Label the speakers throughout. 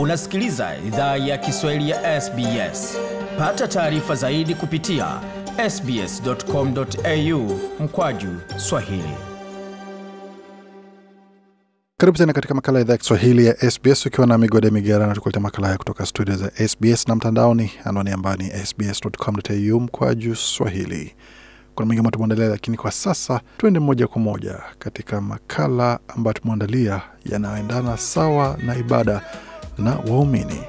Speaker 1: Unasikiliza idhaa ya Kiswahili ya SBS. Pata taarifa zaidi kupitia sbs.com.au mkwaju swahili. Karibu tena katika makala ya idhaa ya Kiswahili ya SBS ukiwa na migode migerano, tukuletea makala haya kutoka studio za SBS na mtandaoni, anwani ambayo ni sbs.com.au mkwaju swahili. Kuna mengi ambayo tumeandalia, lakini kwa sasa tuende moja kwa moja katika makala ambayo tumeandalia yanayoendana sawa na ibada na waumini.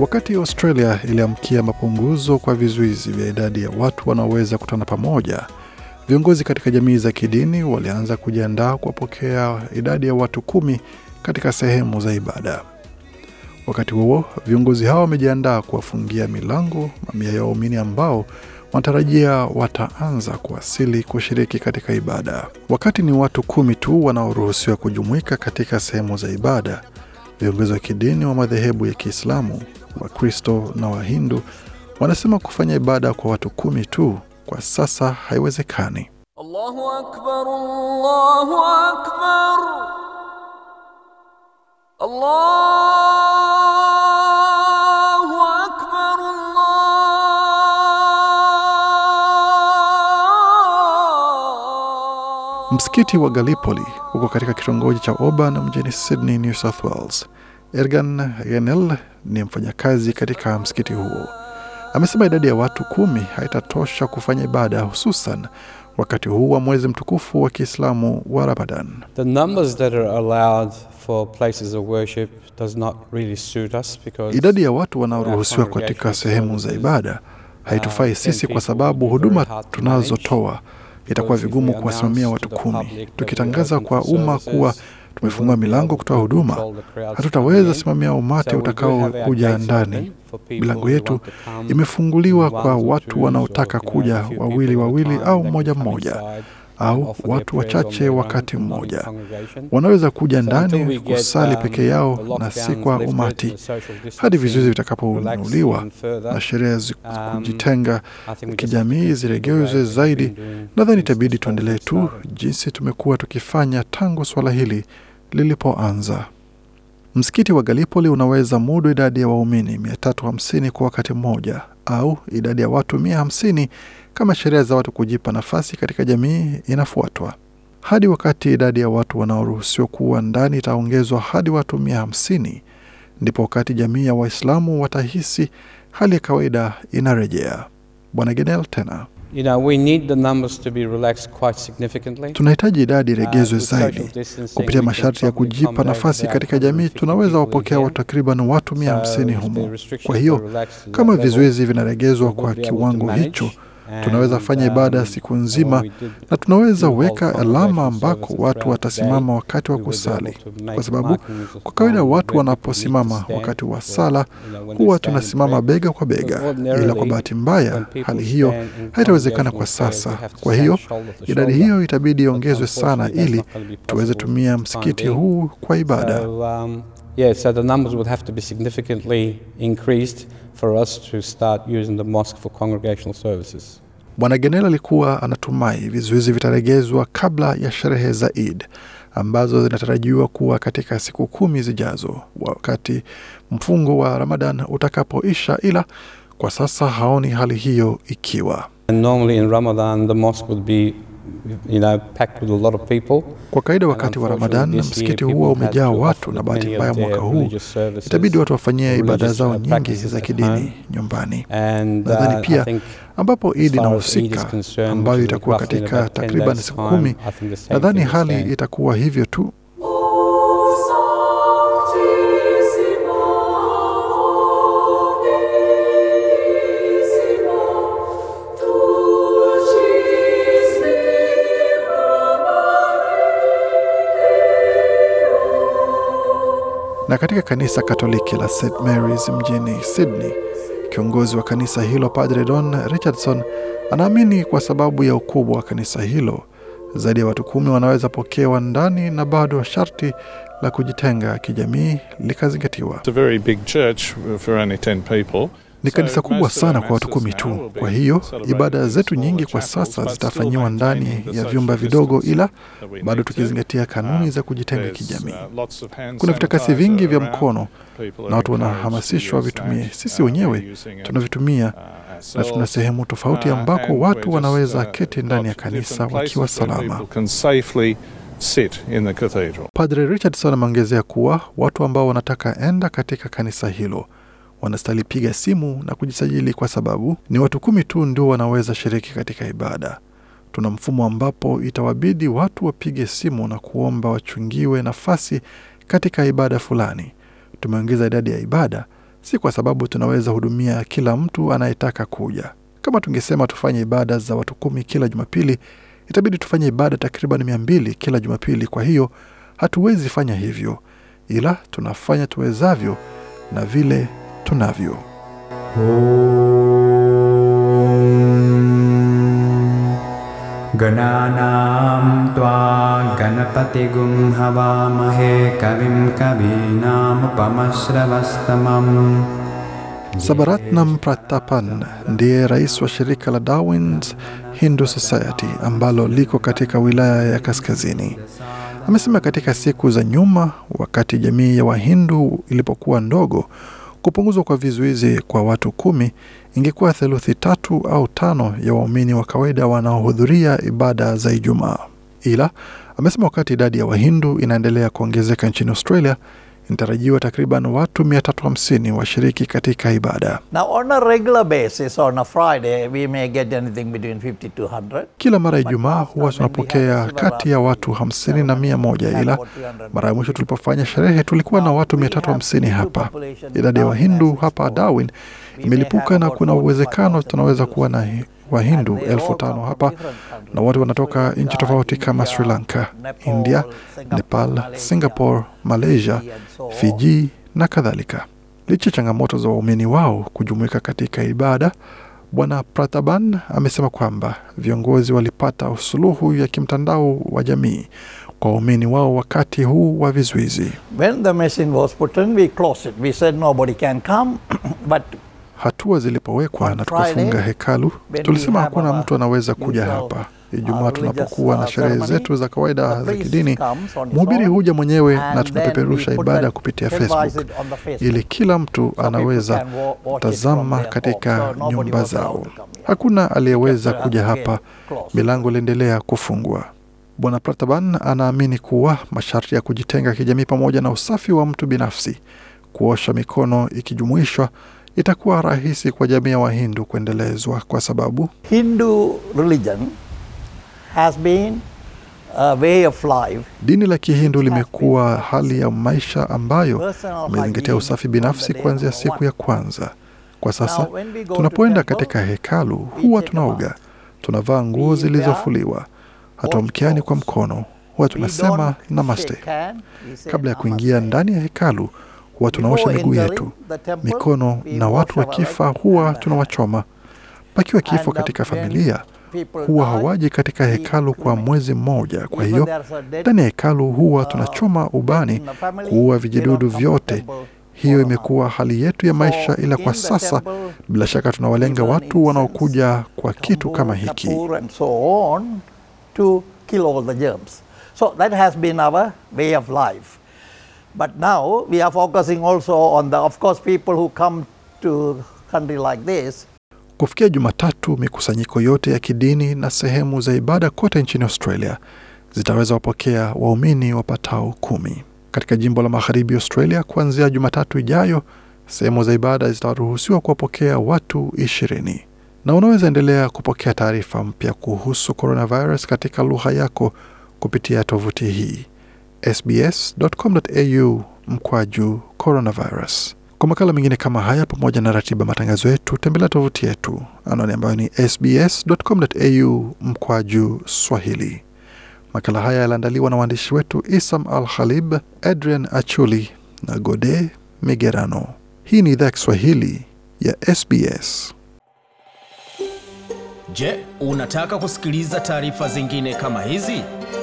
Speaker 1: Wakati Australia iliamkia mapunguzo kwa vizuizi vya idadi ya watu wanaoweza kutana pamoja, viongozi katika jamii za kidini walianza kujiandaa kuwapokea idadi ya watu kumi katika sehemu za ibada. Wakati huo viongozi hao wamejiandaa kuwafungia milango mamia ya waumini ambao wanatarajia wataanza kuwasili kushiriki katika ibada. Wakati ni watu kumi tu wanaoruhusiwa kujumuika katika sehemu za ibada. Viongozi wa kidini wa madhehebu ya Kiislamu, Wakristo na Wahindu wanasema kufanya ibada kwa watu kumi tu kwa sasa haiwezekani. Allahu akbar, Allahu akbar, Allah Msikiti wa Gallipoli huko katika kitongoji cha Oban mjini Sydney, New South Wales. Ergan Yenel ni mfanyakazi katika msikiti huo, amesema idadi ya watu kumi haitatosha kufanya ibada, hususan wakati huu wa mwezi mtukufu wa Kiislamu wa Ramadan. The numbers that are allowed for places of worship does not really suit us because idadi ya watu wanaoruhusiwa katika sehemu za ibada haitufai uh, sisi, kwa sababu huduma tunazotoa itakuwa vigumu kuwasimamia watu kumi. Tukitangaza kwa umma kuwa tumefungua milango kutoa huduma, hatutaweza simamia umati utakaokuja ndani. Milango yetu imefunguliwa kwa watu wanaotaka kuja wawili wawili au mmoja mmoja au watu wachache wakati mmoja. Wanaweza kuja ndani kusali um, peke yao na si kwa umati hadi vizuizi vitakapoinuliwa na sheria um, kujitenga kijamii ziregeuzwe zaidi. Nadhani itabidi tuendelee tu jinsi tumekuwa tukifanya tangu swala hili lilipoanza. Msikiti wa galipoli unaweza mudu idadi ya waumini 350 kwa wakati mmoja au idadi ya watu mia hamsini kama sheria za watu kujipa nafasi katika jamii inafuatwa hadi wakati idadi ya watu wanaoruhusiwa kuwa ndani itaongezwa hadi watu mia hamsini ndipo wakati jamii ya Waislamu watahisi hali ya kawaida inarejea. Bwana Genel tena You know, we need the numbers to be relaxed quite significantly. Tunahitaji idadi uh, iregezwe zaidi. Kupitia masharti ya kujipa nafasi katika jamii, tunaweza wapokea wa takriban watu mia hamsini humo. Kwa hiyo kama vizuizi vinaregezwa kwa kiwango hicho, Tunaweza fanya ibada ya um, siku nzima na tunaweza weka alama ambako watu watasimama wakati wa kusali, kwa sababu kwa kawaida watu wanaposimama wakati wa sala huwa tunasimama bega kwa bega, ila kwa bahati mbaya hali hiyo haitawezekana kwa sasa. Kwa hiyo idadi hiyo itabidi iongezwe sana ili tuweze tumia msikiti huu kwa ibada. Um, yeah, so the numbers would have to be significantly increased for us to start using the mosque for congregational services. Bwana Genel alikuwa anatumai vizuizi vitaregezwa kabla ya sherehe za Eid ambazo zinatarajiwa kuwa katika siku kumi zijazo, wakati mfungo wa Ramadan utakapoisha, ila kwa sasa haoni hali hiyo ikiwa. And normally in Ramadan the mosque would be You know, packed with a lot of people. Kwa kawaida wakati wa na msikiti huwa umejaa watu, na bahati mbaya mwaka huu itabidi watu wafanyie ibada zao uh, nyingi za kidini nyumbani. Uh, nadhani pia ambapo Idi inahusika ambayo itakuwa katika takriban siku kumi, nadhani hali itakuwa hivyo tu na katika kanisa Katoliki la St Mary's mjini Sydney. Kiongozi wa kanisa hilo Padre Don Richardson anaamini kwa sababu ya ukubwa wa kanisa hilo, zaidi ya watu kumi wanaweza pokewa ndani na bado sharti la kujitenga kijamii likazingatiwa ni kanisa kubwa sana kwa watu kumi tu. Kwa hiyo ibada zetu nyingi kwa sasa zitafanyiwa ndani ya vyumba vidogo, ila bado tukizingatia kanuni za kujitenga kijamii. Kuna vitakasi vingi vya mkono na watu wanahamasishwa vitumie. Uh, Sisi wenyewe uh, tunavitumia uh, na tuna sehemu tofauti ambako watu wanaweza keti ndani ya kanisa wakiwa salama. Padre Richardson ameongezea kuwa watu ambao wanataka enda katika kanisa hilo wanastahili piga simu na kujisajili, kwa sababu ni watu kumi tu ndio wanaweza shiriki katika ibada. Tuna mfumo ambapo itawabidi watu wapige simu na kuomba wachungiwe nafasi katika ibada fulani. Tumeongeza idadi ya ibada, si kwa sababu tunaweza hudumia kila mtu anayetaka kuja. Kama tungesema tufanye ibada za watu kumi kila Jumapili, itabidi tufanye ibada takriban mia mbili kila Jumapili. Kwa hiyo hatuwezi fanya hivyo, ila tunafanya tuwezavyo na vile tunavyo. गणानां त्वा गणपतिगुं हवामहे कविं कवीनामुपमश्रवस्तमम् Sabaratnam Pratapan ndiye rais wa shirika la Darwin's Hindu Society ambalo liko katika wilaya ya Kaskazini. Amesema katika siku za nyuma, wakati jamii ya Wahindu ilipokuwa ndogo, Kupunguzwa kwa vizuizi kwa watu kumi ingekuwa theluthi tatu au tano ya waumini wa kawaida wanaohudhuria ibada za Ijumaa, ila amesema wakati idadi ya Wahindu inaendelea kuongezeka nchini Australia, inatarajiwa takriban watu 350 washiriki katika ibada. Now, on a regular basis, on a Friday, we may get anything between 50 to 100. Kila mara ya Ijumaa huwa tunapokea kati ya watu 50 na 100, ila mara ya mwisho tulipofanya sherehe tulikuwa na watu 350 hapa. Idadi ya Wahindu hapa Darwin imelipuka na kuna uwezekano tunaweza kuwa na Wahindu elfu tano hapa na wote wanatoka nchi tofauti kama Sri Lanka, India, Nepal, Singapore, Malaysia, Fiji na kadhalika. Licha changamoto za waumini wao kujumuika katika ibada, Bwana prataban amesema kwamba viongozi walipata suluhu ya kimtandao wa jamii kwa waumini wao wakati huu wa vizuizi. When the was put in, we closed it. We said nobody can come, but Hatua zilipowekwa na tukafunga hekalu, tulisema hakuna mtu anaweza kuja hapa. Ijumaa tunapokuwa na sherehe zetu za kawaida za kidini, mhubiri huja mwenyewe na tunapeperusha ibada kupitia Facebook ili kila mtu anaweza tazama katika nyumba zao. Hakuna aliyeweza kuja hapa, milango iliendelea kufungwa. Bwana Prataban anaamini kuwa masharti ya kujitenga kijamii pamoja na usafi wa mtu binafsi, kuosha mikono ikijumuishwa itakuwa rahisi kwa jamii ya Wahindu kuendelezwa kwa sababu Hindu religion has been a way of life. Dini la Kihindu limekuwa hali ya maisha ambayo imezingatia usafi binafsi kuanzia siku ya kwanza. Kwa sasa tunapoenda katika hekalu huwa tunaoga, tunavaa nguo zilizofuliwa, mkiani kwa mkono, huwa tunasema namaste kabla ya kuingia ndani ya hekalu huwa tunaosha miguu yetu, mikono na watu wakifa huwa tunawachoma. Pakiwa kifo katika familia, huwa hawaji katika hekalu kwa mwezi mmoja. Kwa hiyo ndani ya hekalu huwa uh, tunachoma ubani kuua vijidudu vyote. Hiyo imekuwa hali yetu ya maisha, ila kwa sasa bila shaka tunawalenga watu wanaokuja kwa kitu kama hiki. So that has been our way of life. But now we are focusing also on the of course people who come to country like this. Kufikia Jumatatu, mikusanyiko yote ya kidini na sehemu za ibada kote nchini Australia zitaweza wapokea waumini wapatao kumi. Katika jimbo la magharibi Australia, kuanzia Jumatatu ijayo, sehemu za ibada zitaruhusiwa kuwapokea watu ishirini. Na unaweza endelea kupokea taarifa mpya kuhusu coronavirus katika lugha yako kupitia tovuti hii sbs.com.au mkwaju coronavirus. Kwa makala mengine kama haya, pamoja na ratiba matangazo yetu, tembelea tovuti yetu anwani ambayo ni sbs.com.au mkwaju swahili. Makala haya yaliandaliwa na waandishi wetu Isam Al Khalib, Adrian Achuli na Gode Migerano. Hii ni idhaa ya Kiswahili ya SBS. Je, unataka kusikiliza taarifa zingine kama hizi?